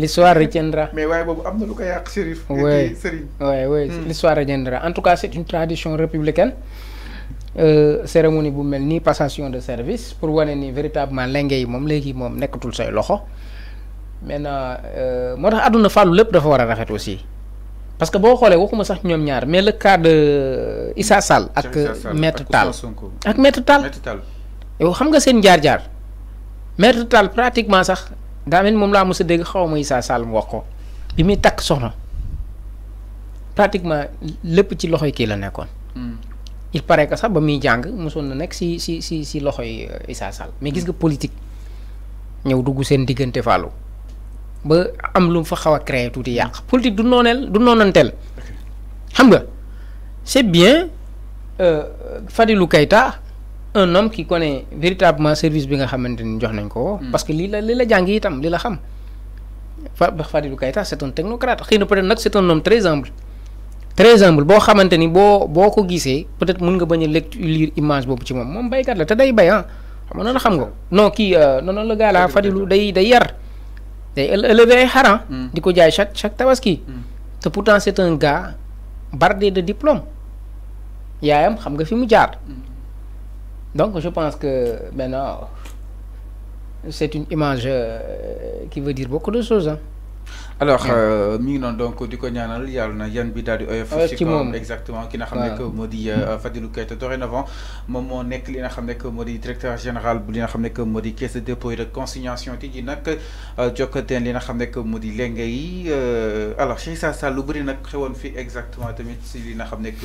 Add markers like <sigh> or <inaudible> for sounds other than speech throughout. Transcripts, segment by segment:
l'histoire retiendra. <laughs> Mais ouais, ouais, ouais, ouais. Hmm. l'histoire retiendra. En tout cas, c'est une tradition républicaine. Euh, cérémonie bu mel passation de service pour wane ni véritablement lenge mom, moom mom, moom nekkatul say loxo maintenant euh, tax àdduna fàllu lépp dafa war a rafet aussi parce que boo xoolee waxuma sax ñoom ñaar mais le cas de euh, Issa Sall ak Maître Tal. ak Maître Tal. Tall yow xam nga seen jaar-jaar Maître Tal, pratiquement sax daa moom laa mos a dégg xaw ma Issa Sall mu wax ko bi muy takk soxna pratiquement lépp ci loxoy kii la nekkoon. Hmm. il pare que sax ba muy jàng mosoon na nekk si si si si loxo loxoy euh, Issa Sall mais gis nga hmm. politique ñëw dugg seen diggante fàllu ba am lu mu fa xaw a créé tuuti yàq hmm. politique du nooneel du noonanteel xam nga c'est bien euh, Fadilou Keita un homme qui connaît véritablement service bi nga xamante ni jox nañ ko. Hmm. parce que lii la li la jàngi itam li la xam. Fadilou Keïta c'est un technocrate xëy na peut-être nag c'est un homme très humble. très boo xamante ni boo boo ko gisee peut-être mën nga bañ a lire image boobu ci moom moom baykat la te day bay ah xam noonu xam nga non kii euh, noonu la gaa laa Fadilou day day yar day élever ay xar hmm. di ko jaay chaque chaque tabaski. Hmm. te pourtant c'est un gars bardé de diplôme yaayam xam nga fi mu jaar. Donc je pense que maintenant, c'est une image euh, qui veut dire beaucoup de choses. Hein. alors euh, mi ngi donc di ko ñaanal yàlla na yan bi daal di oyof exactement ki n'a xam ne que euh, mm-hmm. Fadilou Keita dorénavant moom moo nekk li nga xam que directeur général bu n'a nga xam que caisse de dépôt et de consignation ti dis nag euh, jokkateen li nga xam ne que moo alors Cheikh ça ça lu n'a pas xewoon exactement tamit si li n'a xam ne que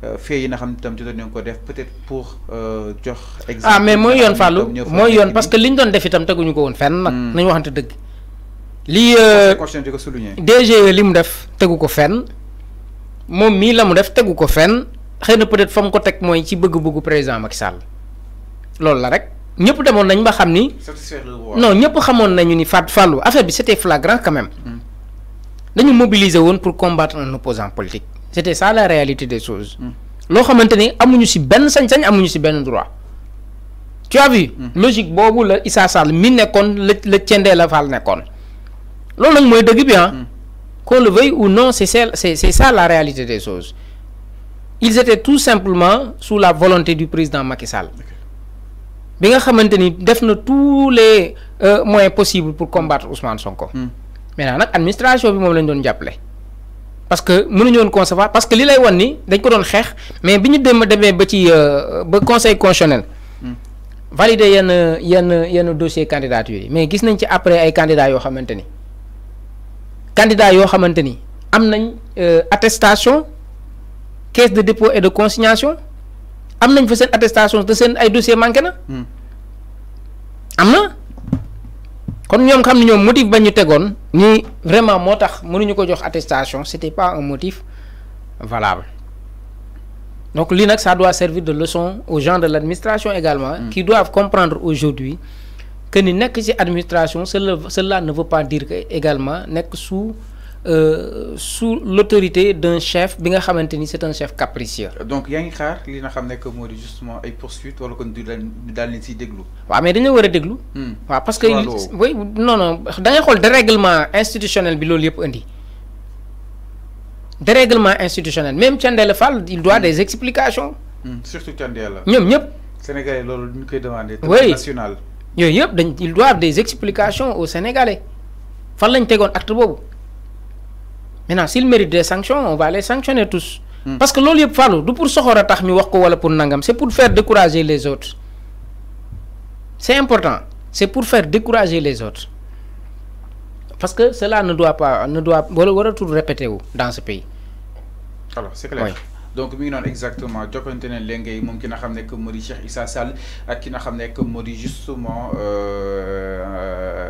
fee yi nga xam tam jotoon nañ ko def peut-être pour euh, jox. exemple ah mais mooy yoon Fallou mooy yoon parce que li ñu doon def itam teguñu ko woon fenn. nag hmm. nañu waxante dëgg. lii euh, DGE li mu def tegu ko fenn moom mii la def tegu ko fenn xëy peut-être fa ko ci bëgg-bëggu président Macky Sall la rek ñëpp demoon nañ ba xam ni. non ñëpp xamoon nañu ni Fatou Fallou affaire bi c'était flagrant quand même. Hmm. dañu mobiliser pour combattre un opposant politique. c'était ça la réalité des choses. Hmm. Lo xamanteni amuñu ci ben sañ-sañ amuñu ci ben droit. tu as vu. Hmm. logique boobu la Issa Sall mi nekkoon le la la fal nekkoon. loolu nag mooy deug bi ah. hmm. qu'on le veuille ou non c'est ça la réalité des choses. ils étaient tout simplement sous la volonté du président Macky Sall. bi nga xamanteni tous les euh, moyens possibles pour combattre Ousmane Sonko. maintenant l'administration administration bi mom lañ doon parce que ne savons concevoir parce que li lay wan ni dañ ko xex mais biñu des dem demee ba ci euh, ba conseil constitutionnel. Hmm. valider yenn yenn yenn dossier candidature mais gis nañ ci après ay candidats yo xamanteni ni candidats yoo xamante am nañ euh, attestation caisse de dépôt et de consignation am nañ fa seen attestation te seen ay dossier manquant. na hmm kon nous avons ñom motif bañu nous vraiment motax mënu attestation c'était pas un motif valable donc Linux ça doit servir de leçon aux gens de l'administration également mm. qui doivent comprendre aujourd'hui que ni administration cela ne veut pas dire que également sous euh, sous l'autorité d'un chef bi nga c'est un chef capricieux. donc yaa ngi xaar li nga ne que moo justement ay poursuites wala que du daal leen siy mais dañoo war a déglu. Hmm. parce que oui non non da le règlement institutionnel bi loolu yëpp indi règlement institutionnel même le Fall il doit hmm. des explications. Hmm, surtout Thiendella. ñoom ñëpp. Sénégalais loolu ñu koy oui national. yooyu yëpp dañ il des explications aux Sénégalais fan lañ tegoon acte maintenant s'il mérite des sanctions on va les sanctionner tous. Hmm. parce que loolu yëpp fàllu du pour soxor a tax ñu wax pour nangam c'est pour faire décourager les autres c'est important c'est pour faire décourager les autres parce que cela ne doit pas ne doit le waratul répéter dans ce pays. alors c'est clair. donc maintenant, non exactement Je ne léegi moom ki nga xam nekk moo di Cheikh Issa Sall ak ki na xam justement. Euh,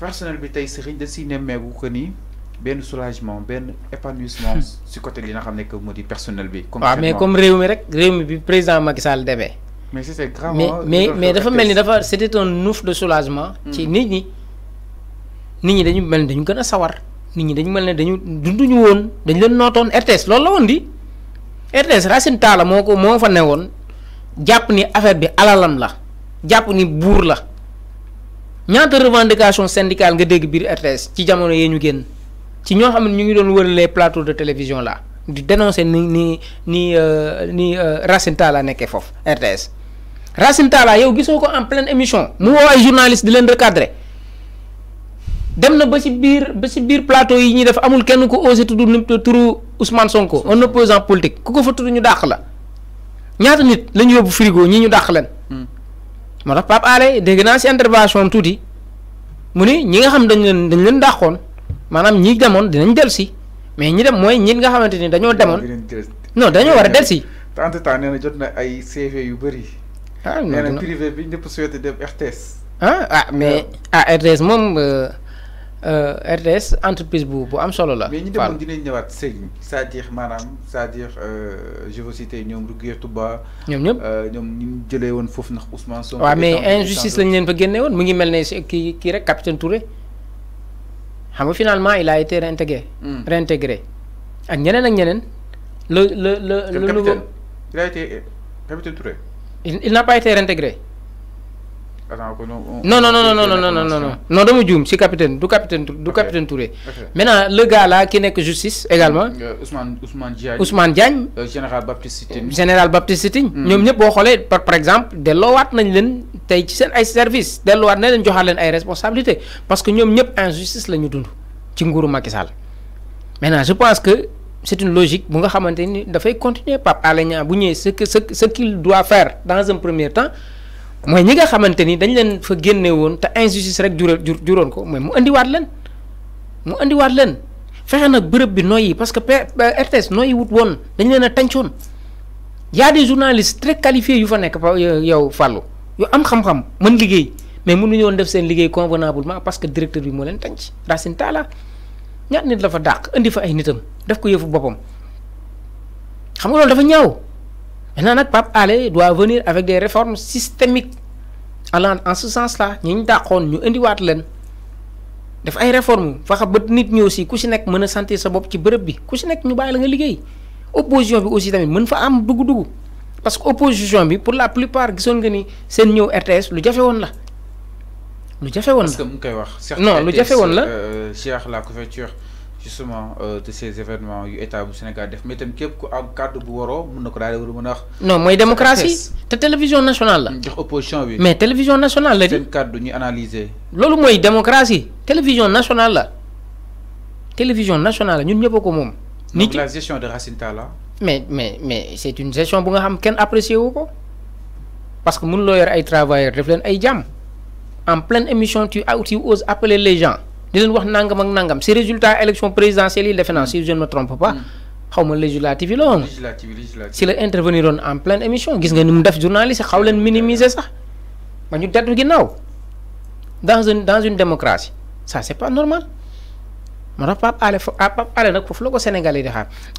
personnel bi tey Serigne ni soulagement épanouissement hmm. côté li nga que personnel bi. comme mais comme rek bi président Macky Sall mais c'était mais hein, mais mais c'était un ouf de soulagement. Hmm. ci nit ñi nit ñi dañu gëna sawar nit ñi dañu RTS loolu la di RTS Racine Tala moko la ni ñaata revendication syndicale nga dégg biir RTS ci jamono yee ñu génn ci ñoo xam ne ñu ngi doon wër les plateaux de télévision là di dénoncer ni ni ni euh, ni euh, Racine Talla nekkee foofu RTS Racine Talla yow gisoo ko en pleine émission mu woo ay journaliste di leen recadrer dem na ba ci biir ba ci biir plateau yi ñuy def amul kenn ko osé tudd turu Ousmane Sonko un opposant politique ku ko fa tudd ñu dàq la ñaata nit lañu yóbbu frigo ñii ñu dàq leen moo tax Pape Alé dégg naa si intervention tuuti mu ni ñi nga xam dañ leen dañ leen dàqoon maanaam ñii demoon dinañ del si mais ñi dem mooy ñit nga xamante ni dañoo demoon non dañoo war a del si te entre jot na ay CV yu bëri ah nee na privé bi ñëpp souhaité dem RTS ah ah mais euh. ah RTS moom euh, Euh, RTS entreprise bu bu am solo la. mais ñi demoon dinañ ñëwaat sëñ c'est-à-dire maanaam c'est-à-dire euh, je veux citer ñoom Rougier Touba. ñoom ñëpp euh, ñoom ñu jëlee woon foofu ndax Ousmane Sonko. waaw mais injustice lañ leen fa génne woon mu ngi mel ne kii kii rek capitaine Touré xam nga finalement il a été réintégré. Hmm. réintégré ak ñeneen ak ñeneen. le le le le nouveau. il a été capitaine Touré. il n'a pas été réintégré. non non non non non non non non non non dama juum si capitaine du capitaine du capitaine Touré. maintenant le gars là n'est que justice également. Euh, Ousmane Ousmane Diagne Ousmane Diagne. Euh, général Baptiste Sitting. général Baptiste Sitting. Hmm. ñoom nous boo xoolee par par exemple de nañ leen tey ci seen ay services delloowaat nañ leen joxaat leen ay responsabilités parce que nous nous injustice la ñu dund ci nguuru Macky Sall. maintenant je pense que c'est une logique bu nga xamante ni continuer Pape Alé Niang bu ce que ce ce qu'il doit faire dans un premier temps. mooy ñi nga xamante ni dañ leen fa génne woon te injustice rek jure juróon ko mooy mu indiwaat leen mu indiwaat leen fexe nag bërëb bi noyyi parce que RTS noyyi wut woon dañ leen a tàncoon y a des journalistes très qualifiés yu fa nekk fa yow fàllu yu am xam-xam mën liggéey mais mënuñu woon def seen liggéey convenablement parce que directeur bi moo leen tànc Racine Talla ñaat nit la fa dàq indi fa ay nitam def ko yëfu boppam xam nga loolu dafa ñaaw. Maintenant, notre pape Allé doit venir avec des réformes systémiques. Alors, en ce sens-là, nous avons nous indiquons len. def ay réformes fexe ba nit ñi aussi ku si nekk mën a sentir sa bopp ci bërëb bi ku si nekk ñu bàyyi la nga liggéey opposition bi aussi tamit mën fa am dugg-dugg parce que opposition bi pour la plupart gisoon nga ni sen ñew RTS lu jafé won la. lu jafé won parce que mu koy wax. non lu jafé won la euh, Cheikh la couverture justement de euh, ces événements du état du Sénégal def mais c'est képp ku am la bu waroo mun daal non moy démocratie télévision nationale la. mais télévision nationale la di. seen cadre ñu analyser. moy démocratie télévision nationale la télévision nationale ñun ñëpp ko donc la gestion de Racine Tala mais mais mais une gestion bu nga xam ken ko parce que mën lo yor ay travailleurs def ay en pleine émission tu tu oses appeler les gens di leen wax nangam ak nangam si résultats élection présidentielle yi defe si je ne me trompe pas hmm. xaw ma législative si en pleine émission quest nga que nous def journaliste xaw leen minimiser sax ba ñu dellu ginnaaw dans une dans une démocratie ça c'est pas normal moo tax Pape Alé ah, Pape Alé nag foofu la ko Sénégal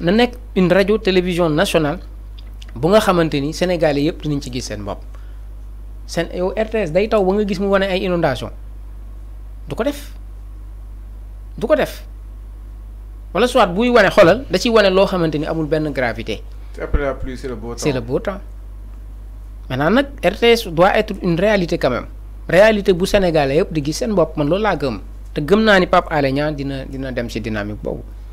na une radio télévision nationale bu nga xamante ni Sénégalais yëpp dinañ ci gis seen bopp RTS day taw ba nga gis mu wane ay inondation du ko def du ko def wala soit buy wane xolal da ciy wane loo xamante ni amul benn gravité. après la pluie c'est le beau temps c'est nag RTS doit être une réalité quand réalité bu Sénégalais yëpp di gis seen bopp man loolu laa gëm te gëm naa ni Pape Alé Niang dina dina dem ci dynamique boobu.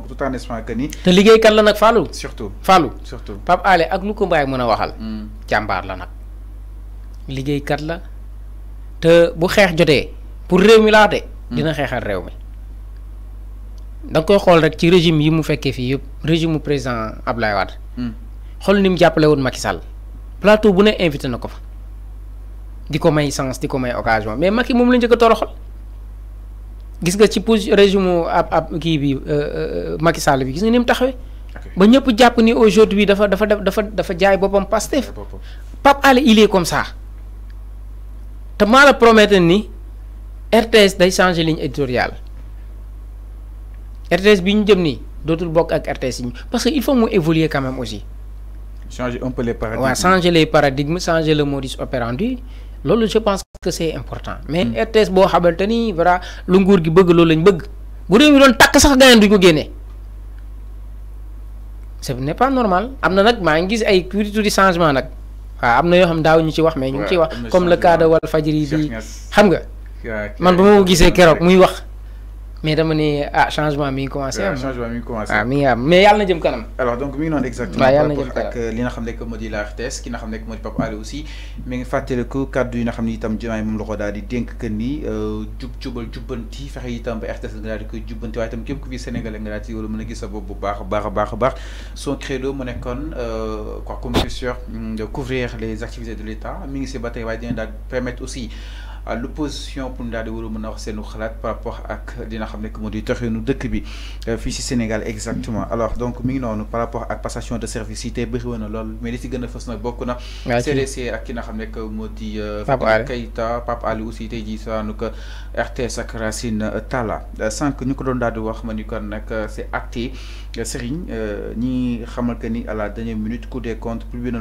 donc tout en espérant que ni. te liggéeykat la nag Fallou. surtout Fallou. surtout Pape Alé ak lu ko mbaay mën a waxal. Hmm. jàmbaar la nag. liggéeykat la te bu xeex jotee pour réew mi laa de. Hmm. dina xeexal réew mi. da koy xool rek ci régime yi mu fekkee fii yëpp régime mu président Abdoulaye Wade. Hmm. xool ni mu jàppale woon Macky Sall. plateau bu ne invité na ko fa. di ko may sens di ko may occasion mais Macky moom la njëkk a toroxal gis nga ci ab ab bi euh, euh, Macky Sall bi gis nga ba ni aujourd'hui dafa dafa dafa dafa jaay Pastef. il est comme ça te maa la ni RTS day changer ligne éditoriale RTS bi ñu jëm ni bokk ak RTS parce que faut évoluer quand même aussi. changer un peu les paradigmes changer les changer le modus operandi. loolu je pense que c' est important mais hmm. RTS boo xamante ni voilà lu nguur gi bëgg loolu lañ bëgg bu réew mi doon takk sax ganeen duñ ko génnee ce n'est pas normal am na nag maa ngi gis ay tuuti tuuti changement nag waaw am na yoo xam daaw ñu ci wax mais ñu ngi ciy wax comme le cas de Walfadjri bi xam nga man ba ma ko gisee keroog muy wax mais dama ni ah changement mi commencé am hein. changement mi commencé ah, am mi mais yalla na jëm kanam alors donc mi non exactement waaw yalla na jëm ak li nga xamné que moo la RTS ki nga xam ne moo di Pape Alé aussi mi ngi fàttaliku cadre yi nga xam ne itam Diomaye moom la ko daal di dénk que ni euh jub jubal jubbanti fexe itam ba RTS nga daal di koy jubbanti waaye itam képp ku fi Sénégalais nga daal ci wala mën a gis sa bopp bu baax a baax baax baax son credo mu euh quoi comme sûr mm, de couvrir les activités de l'État mi ngi si batay tey waaye dina daal permettre aussi l' opposition pour ñu daal di war a mën a wax seenu xalaat par rapport ak li nga xam ne que moo di toxinu dëkk bi euh, fii si Sénégal exactement alors donc mi ngi noonu par rapport ak passation de service yi tey bëri woon na lool mais li si gën a fës nag bokk na CDC ak ki nga xam ne que moo di euh, Pape Ali aussi tey jii saanu que RTS ak Racine euh, Talla sànq ñu ko doon daal de wax ma ni kon nag c'est acté Serigne ñi xamal que ni à la dernière minute coup des comptes publié na